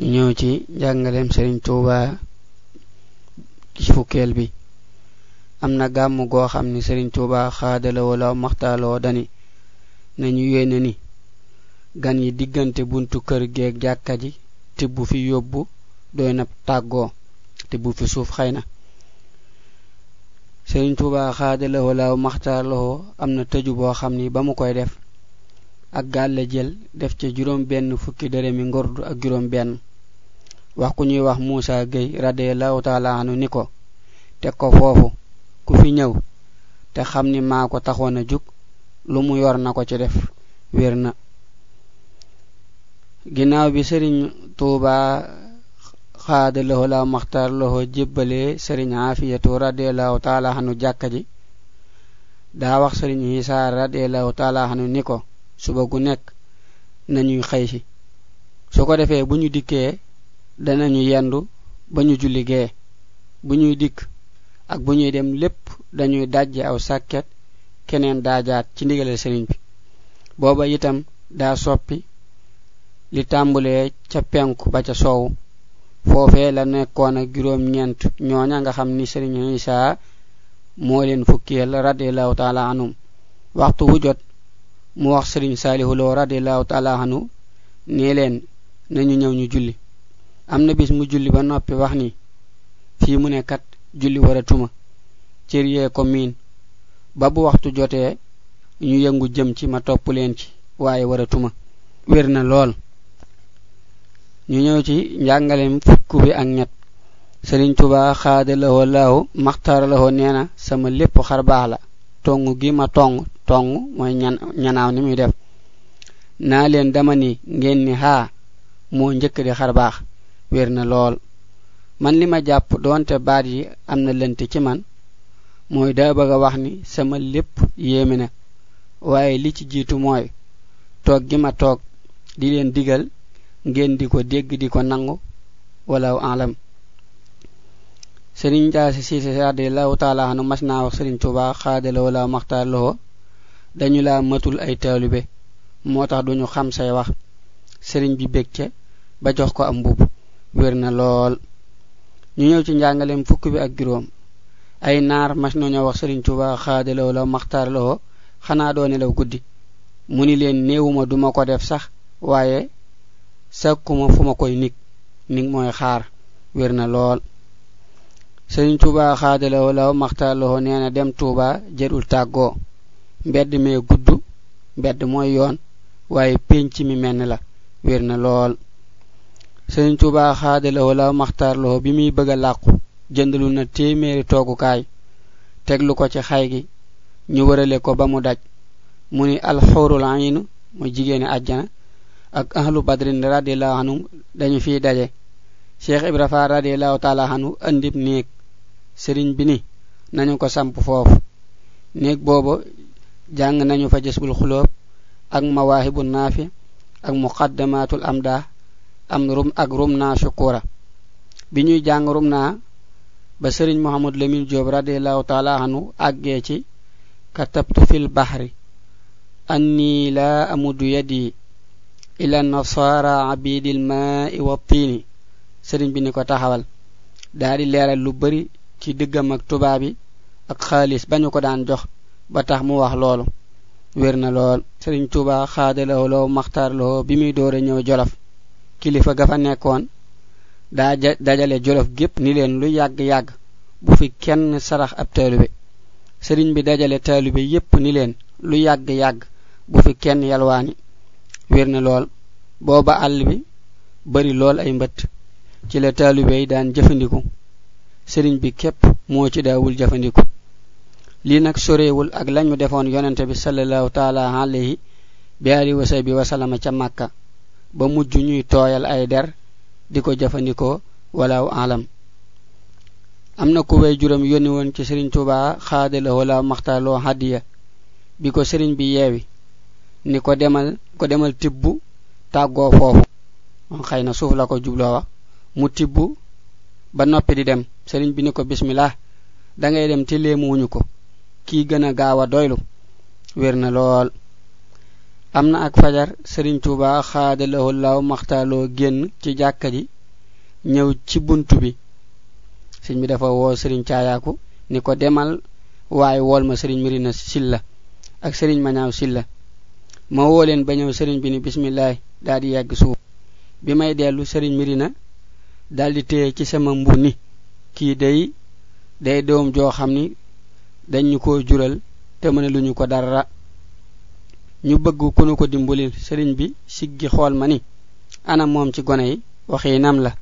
ñu ñëw ci jàngaleem Sëriñ Tuuba ci fukkeel bi am na gàmm goo xam ni Sëriñ Tuuba xaadala maxtaaloo dani nañu yéene ni gan yi diggante buntu kër geeg jàkka ji tibb fi yóbbu doy na tàggoo tibb fi suuf xëy na Sëriñ Tuuba xaadala wala maxtaaloo am na tëju boo xam ni ba mu koy def ak gaal la jël def ca juróom benn fukki dërëmi ngordu ak juróom benn wax ku ñuy wax Muusa Gay radiallahu taala anu ni ko teg ko foofu ku fi ñëw te xam ni maa ko taxoon a jug lu mu yor na ko ci def wér na ginnaaw bi sëriñ tuubaa xaada loxo la maxtaar loxo jébbalee sëriñ aafiyatu radiallahu taala anu jàkka ji daa wax sëriñ isaa radiallahu taala anu ni ko suba gu nekk nañuy xëy si su ko defee bu ñu dikkee danañu yendu ba ñu julli gee bu ñuy dikk ak bu ñuy dem lépp dañuy dajje aw sàkket keneen daajaat ci ndigalal sëriñ bi booba itam daa soppi li tàmbulee ca penku ba ca soow foofee la nekkoon ak juróom-ñeent ñooña nga xam ni sëriñ Isaa moo leen fukkeel radiallahu taala anhum waxtu wu mu wax sëriñ saalihu loo radiallahu taala anhu nee leen nañu ñëw ñu julli am na bis mu julli ba noppi wax ni fii mu ne kat julli war tuma cër yee ko miin ba bu waxtu jotee ñu yëngu jëm ci ma topp leen ci waaye war tuma wér na lool ñu ñëw ci njàngalem fukk bi ak ñett sëriñ tuba xaada lahoo laahu maxtaara lahoo nee na sama lépp xar baax la tongu gi ma tong tong mooy ñanaaw ni muy def naa leen dama ni ngeen ni haa moo njëkk di xar baax wér na lool man li ma jàpp doonte baat yi am na lënt ci man mooy daa bëgg a wax ni sama lépp yéeme na waaye li ci jiitu mooy toog gi ma toog di leen digal ngeen di ko dégg di ko nangu walaw alam sëriñ jaasi siise radiallahu taala anu mas naa wax sëriñ tuba xaadala wala maxtaar loxo dañu la matul ay taalibe moo tax duñu xam say wax sëriñ bi bég ba jox ko am mbubb wërna lool ñu ñëw ci njàngaleem fukk bi ak juróom ay naar mas ñu wax sëriñ tuba xaadalaw la maxtaar lo xana doone nelaw guddi mu ni leen neewuma duma ko def sax waye sakuma fu ma koy nik nik moy xaar wërna lool sëriñ tuba xaadalaw la maxtaar lo neena na dem tuba jërul taggo. mbedd mee gudd mbedd mooy e yoon waaye penc mi menn la wér na lool sëriñ tuuba xaade la wala maxtaar loo bi muy bëgg a làqu jëndalu na téeméeri toogukaay teglu ko ci xay gi ñu wërale ko ba mu daj mu ni alxawrul aynu mooy jigéeni àjjana ak ahlu badrin radiallahu anhum dañu fii daje cheikh ibrafa radiallahu taala anhu andib néeg sëriñ bi ni nañu ko samp foofu néeg boobu jàng nañu fa jësbul xulóob ak mawaahibu naafi ak muqaddamatul amda am rum ak rumna shukura bi ñuy jàng rumna ba sëriñ mohamad lamin joob radiallahu taala anhu àggee ci katabtu fil bahri anni la amudu yadi ila nasara abidi almaai wa tiini sëriñ bi ni ko taxawal daa di leeral lu bari ci diggam ak tubaabi ak xaalis bañu ko daan jox ba tax mu wax loolu wér na lool sëriñ tuuba xaadalaw law maxtaar loo bi muy dóore ñëw jolof kilifa ga fa nekkoon daa dajale jolof gépp ni leen lu yàgg-yàgg bu fi kenn sarax ab taalibe sëriñ bi dajale taalibe yépp ni leen lu yàgg-yàgg bu fi kenn yalwaani wér na lool booba àll bi bari lool ay mbëtt ci la taalibe yi daan jëfandiku sëriñ bi képp moo ci daawul jëfandiku li nak sorewul ak lañu defoon yonente bi sallallahu taala alayhi bi ali wasay bi wasalama ca makka ba mujj ñuy ay der di ko jëfandikoo alam am na ku way juram yónni woon ci sëriñ tuba xaadala wala maxtaaloo hadiya bi ko bi ni ko demal ko demal tibbu tàggoo foofu xëy na suuf la ko jubloo wax mu tibbu ba noppi di dem bi ni ko bismillah da ngay dem te ko kii gën a gaaw a doylu wér na lool am na ak fajar sëriñ tuuba xaadalaahu laaw maxtaaloo génn ci jàkka ji ñëw ci bunt bi sëñ bi dafa woo sëriñ caayaaku ni ko demal waaye wool ma sëriñ mirina silla ak sëriñ mañaaw silla ma woo leen ba ñëw sëriñ bi ni bismillaah daal di yegg suuf bi may dellu sëriñ mirina daal di téye ci sama mbu ni kii day day doom joo xam ni dañ ko jural te mëne lu ñu ko dara ñu bëgg ku nu ko dimbalil sëriñ bi siggi xool ma ni ana moom ci gone yi waxinam la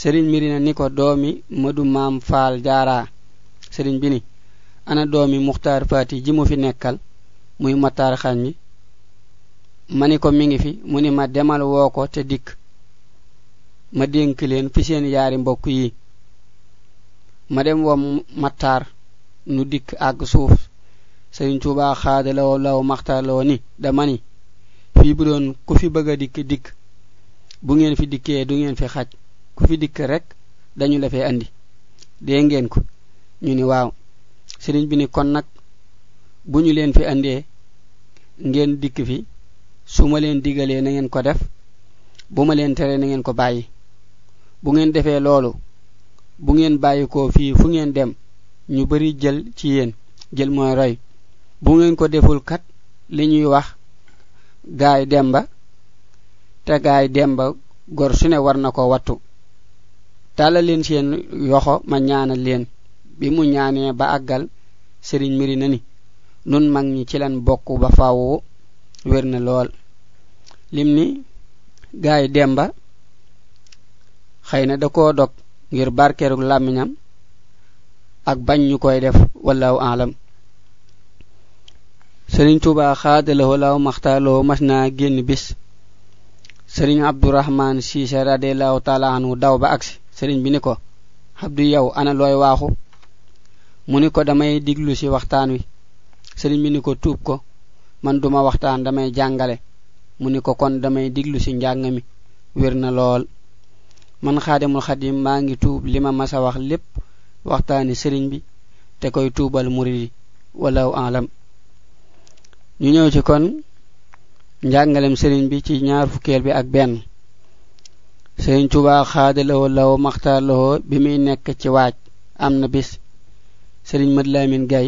sëriñ miri na ni ko doomi madu maam faal jaaraa sëriñ bi ni ana doomi muxtaar faati ji mu fi nekkal muy mataar xañ mi ma ni ko mi ngi fi mu ni ma demal woo ko te dikk ma dénk leen fi seen yaari mbokk yi ma dem wa Matar nu dik ag suuf serigne touba xaadalawo law maxtaarlawo ni dama ni fi bu doon ku fi bëgg dik dik bu ngeen fi dikkee du ngeen fi xaj ku fi dik rek dañu la fee andi de ngeen ko ñu ni waaw serigne bi ni kon nag bu ñu leen fi andee ngeen dik fi su ma leen digalee na ngeen ko def bu ma leen tere na ngeen ko bayyi bu ngeen defee loolu bu ngeen bàyyikoo fii fu ngeen dem ñu bari jël ci yéen jël mooy roy bu ngeen ko deful kat li ñuy wax gaay demba te gaay demba gor su ne war na ko wattu tàlla leen seen yoxo ma ñaanal leen bi mu ñaanee ba àggal sëriñ miri na ni nun mag ñi ci lan bokk ba faawu wér na lool lim ni gaay demba xëy na da koo dog ngir barkeerug làmmiñam ak bañ ñu koy def wallahu aalam sëriñ tuba xaadalahoo law maxtaaloo mas naa génn bis sëriñ abdurahman siise radiallahu taala anhu daw ba agsi sëriñ bi ni ko abdu yow ana looy waaxu mu ni ko damay diglu si waxtaan wi sëriñ bi ni ko tuub ko man duma waxtaan damay jàngale mu ni ko kon damay diglu si njàng mi wér na lool man xaadimul xadim maa ngi tuub li ma masa wax lépp waxtaani sëriñ bi te koy tuubal murid yi walaw alam ñu ñëw ci kon njàngalem sëriñ bi ci ñaar fukkeel bi ak benn sëriñ Tuubaa xaadalawoo law maxtaarlawoo bi muy nekk ci waaj am na bis sëriñ Mad Lamin Gay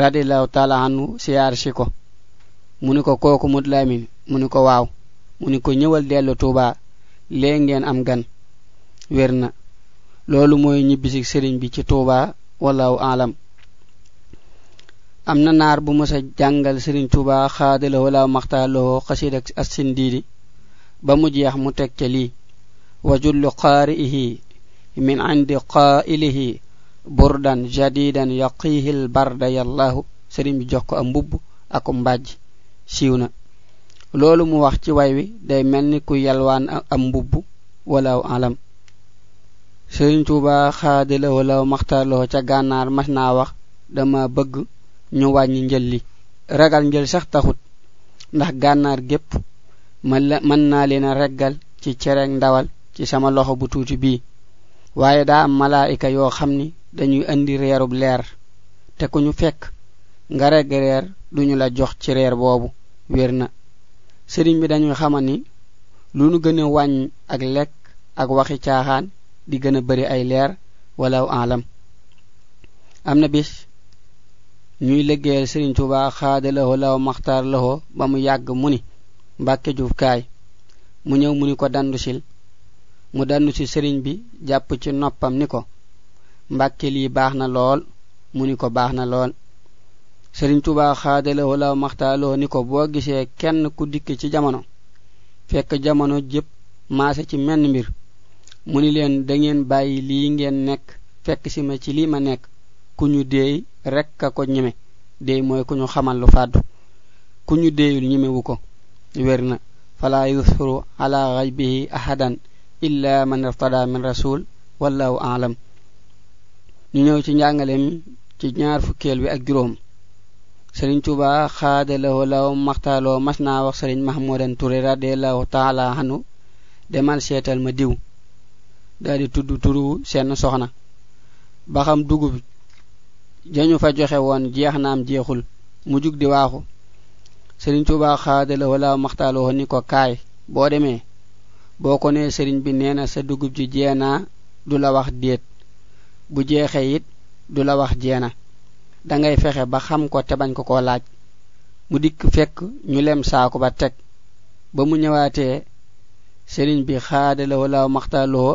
radiallahu taala anhu siyaar si ko mu ni ko kooku Mad Lamin mu ni ko waaw mu ni ko ñëwal dellu Tuubaa lee ngeen am gan wér na loolu mooy ñibbisig sëriñ bi ci tuuba wallahu aalam am na naar bu mësa jàngal sëriñ tuuba xaadala wala maxtaaloo xasid ak assindiidi ba mu jeex mu teg ca lii wa jullu qaari'ihi min indi qaa'ilihi burdan jadidan yaqiihi lbarda yallahu sëriñ bi jox ko am mbubb ak mbàjj siiw na loolu mu wax ci way wi day mel ni ku yalwaan am mbubb walaw alam sëriñ tuuba xaadila walaw maxtarloo ca gànnaar mas naa wax dama bëgg ñu wàññi njël li ragal njël sax taxut ndax gànnaar gépp mën naa leen a reggal ci cereeg ndawal ci sama loxo bu tuuti bii waaye daa am malaayika yoo xam ni dañuy indi reerub leer te ku ñu fekk nga regg reer duñu la jox ci reer boobu wér na sëriñ bi dañuy xamal ni lu nu gën a ak lekk ak waxi caaxaan di gën a bari ay leer walaw alam am na bis ñuy liggéeyal sëriñ Tuubaa xaada lawo law ba mu yàgg mu ni mbàkke juuf mu ñëw mu ni ko dandu sil mu dandu si sëriñ bi jàpp ci noppam ni ko mbàkke lii baax na lool mu ni ko baax na lool serigne touba xaadale wala maxtaalo ni ko boo gisee kenn ku dikk ci jamono fekk jamono jëpp maase ci menn mbir mu ni leen da ngeen bàyyi lii ngeen nekk fekk si ma ci lii ma nekk ku ñu dee rek ka ko ñeme dee mooy ku ñu xamal lu fàddu ku ñu deeyul ñemewu ko wér na fala yusru ala gaybihi ahadan illa man irtada min rasul wallahu alam ñu ñëw ci njàngale mi ci ñaar fukkeel wi ak juróom sëriñ Tuuba xaadalawoo law mas naa wax sëriñ Mahmoudan Touré radiallahu taala anhu demal seetal ma diw daldi tudd turu seen soxna ba xam dugub jañu fa joxe woon jeex naam jeexul mu jug di waaxu sëriñ Tuuba xaadalawoo maxtaloo maxtaaloo ni ko kaay boo demee boo ko nee sëriñ bi nee na sa dugub ji jeenaa du la wax déet bu jeexee it du la wax jeena da ngay fexe ba xam ko te bañ ko ko laaj mu dikk fekk ñu lem saako ba teg ba mu ñëwaatee sëriñ bi xaadaloo laaw maxtaaloo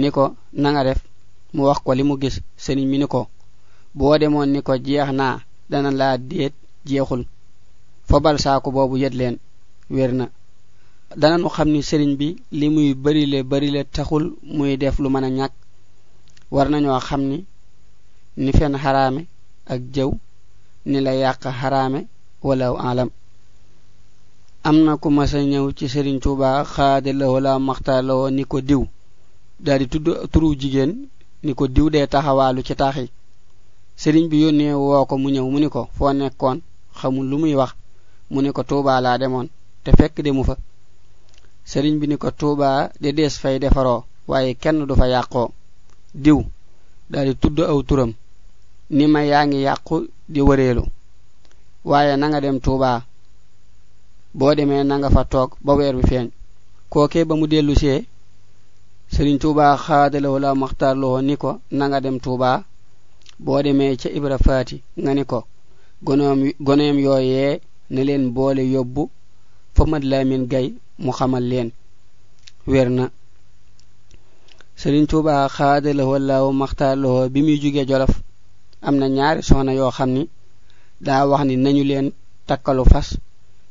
ni ko na nga def mu wax ko li mu gis sëriñ mi ni ko boo demoon ni ko jeex naa dana la déet jeexul fobal saako boobu yet leen wér na nu xam ni sëriñ bi li muy bari le taxul muy def lu mën a ñàkk war nañoo xam ni ni fen xaraame ak jëw ni la yàq xaraame wala alam am na ku masa ñëw ci sëriñ tuuba xaade lawo wala maxtaalawoo ni ko diw daal di tudd turu jigéen ni ko diw dee taxawaalu ci taax yi sëriñ bi yónnee woo ko mu ñëw mu ni ko foo nekkoon xamul lu muy wax mu ni ko tuuba laa demoon te fekk demu fa sëriñ bi ni ko tuuba de des fay defaroo waaye kenn du fa yàqoo diw daal di tudd aw turam ni ma yaa ngi yàqu di wëreelu waaye na nga dem tuubaa boo demee na nga fa toog ba weer bi feeñ kookee ba mu dellu see sëriñ tuubaa xaadalawu la maxtaarloo ni ko na nga dem tuubaa boo demee ca ibra faati nga ni ko gonoom goneem yooyee ne leen boole yóbbu fa mat laamin gay mu xamal leen wér na sëriñ tuubaa xaadalawu la maxtaarloo bi muy jóge jolof am na ñaari soxna yoo xam ni daa wax ni nañu leen takkalu fas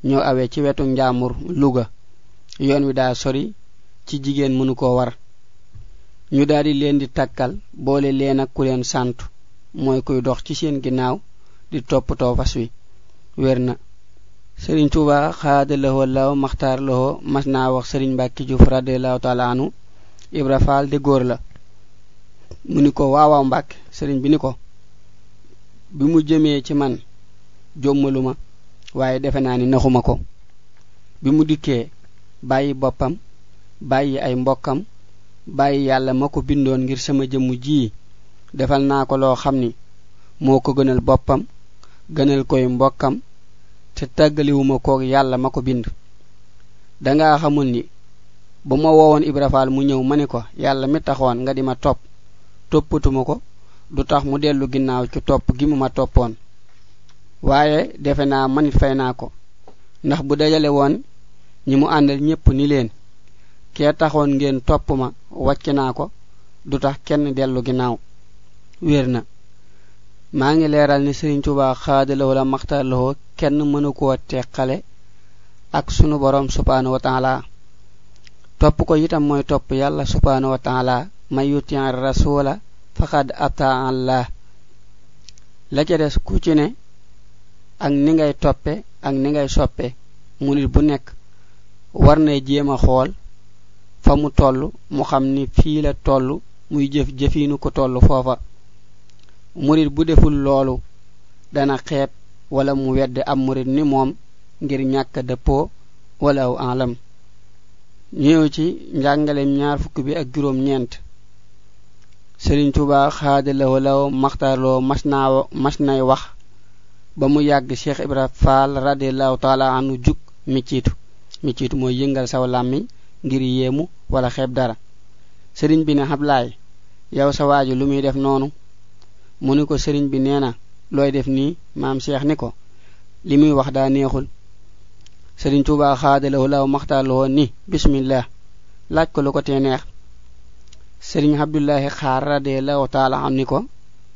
ñoo awee ci wetu njaamur Louga yoon wi daa sori ci jigéen mënu koo war ñu daldi leen di takkal boole leen ak ku leen sant mooy kuy dox ci seen ginnaaw di toppatoo fas wi wér na sëriñ Tuuba xaada lawo law maxtaar lawo mas naa wax sëriñ Mbàkke Juuf radiallahu taala anu Ibra de góor la mu ni ko waawaaw Mbàkke sëriñ bi ni ko bi mu jëmee ci man jommaluma waaye defe naa ni naxuma ko bi mu dikkee bàyyi boppam bàyyi ay mbokkam bàyyi yàlla ma ko bindoon ngir sama jëmmu jii defal naa ko loo xam ni moo ko gënal boppam gënal koy mbokkam te tàggaliwuma koog yàlla ma ko bind nga xamul ni bu ma woowoon ibrafaal mu ñëw ma ni ko yàlla mi taxoon nga di ma topp toppatuma ko du tax mu dellu ginnaaw ci topp gi mu ma toppoon waaye defe naa manit fay naa ko ndax bu dajale woon ñi mu àndal ñépp ni leen kee taxoon ngeen topp ma wàcc naa ko du tax kenn dellu ginnaaw wér na maa ngi leeral ni sëriñ tuba xaadalahu la maxtaalahu kenn mënu koo teqale ak sunu borom subhanahu wa taala topp ko itam mooy topp yàlla subhanahu wa taala may yu tiyaan rasula faqad ataa Allah la ca des ku ci ne ak ni ngay toppe ak ni ngay soppe murit bu nekk war na jéem a xool fa mu toll mu xam ni fii la toll muy jëf jëfiinu ko toll foofa murit bu deful loolu dana xeet walla mu wedd am murit ni moom ngir ñàkk dëppoo walla aw alam ñëw ci njàngale ñaar fukk bi ak juróom ñeent sëriñ tuba xaadalawo law maxtaarloo naa mas nay wax ba mu yàgg cheikh ibra faal radiallahu taala anu jug micciitu ciitu mooy yëngal saw làmmiñ ngir yéemu wala xeeb dara sëriñ bi ne xablaay yow sa waaju lu muy def noonu mu ni ko sëriñ bi nee na looy def nii maam cheikh ni ko li muy wax daa neexul sëriñ tuba xaadalawo law maxtaarloo ni bismillah laaj ko lu ko tee neex sëriñ abdullahi xaar radiallahu taala an ni ko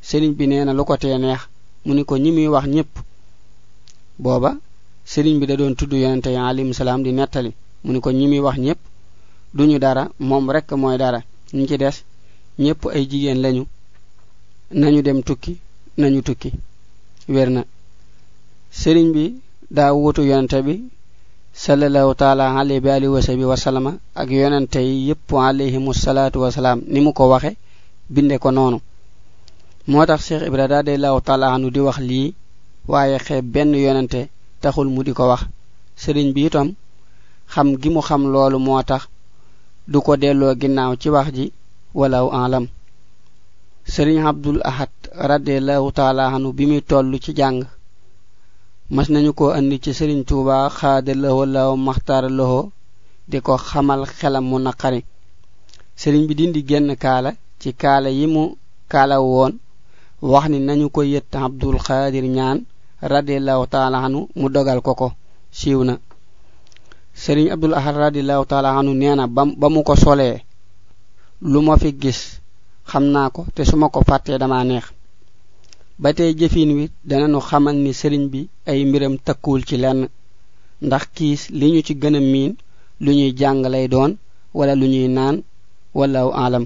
sëriñ bi nee na lu ko tee neex mu ni ko ñi muy wax ñëpp booba sëriñ bi da doon tudd yonente yi alayhim salaam di nettali mu ni ko ñi muy wax ñëpp duñu dara moom rek mooy dara ñu ci des ñëpp ay jigéen lañu nañu dem tukki nañu tukki wér na sëriñ bi daa wutu yonente bi sallallahu taala alayhi bi alihi wa sahbi wa sallama ak yonente yépp alayhimu salaatu wasalaam ni mu ko waxe binde ko noonu moo tax cheikh ibra radiallahu taala anu di wax lii waaye xe benn yonante taxul mu di ko wax sëriñ bi itam xam gi mu xam loolu moo tax du ko delloo ginnaw ci wax ji walaw alam sëriñ abdul ahad radiallahu taala anu bi muy toll ci jàng mas nañu ko andi ci sëriñ tuuba xaada lawo law maxtaara lawo di ko xamal xelam mu naqari sëriñ bi dindi genn kala ci kala yi mu kaala won wax ni nañu ko yett abdul xaadir ñaan radiallahu taala anu mu dogal ko ko siiw na sëriñ abdul ahad radiallahu taala anu nee na ba mu ko solee lu ma fi gis xam naa ko te su ma ko fàttee dama neex ba tey jëfin wi nu xamal ni sëriñ bi ay mbiram takkuwul ci lenn ndax kiis li ñu ci gën a miin lu ñuy jàng lay doon wala lu ñuy naan wallahu aalam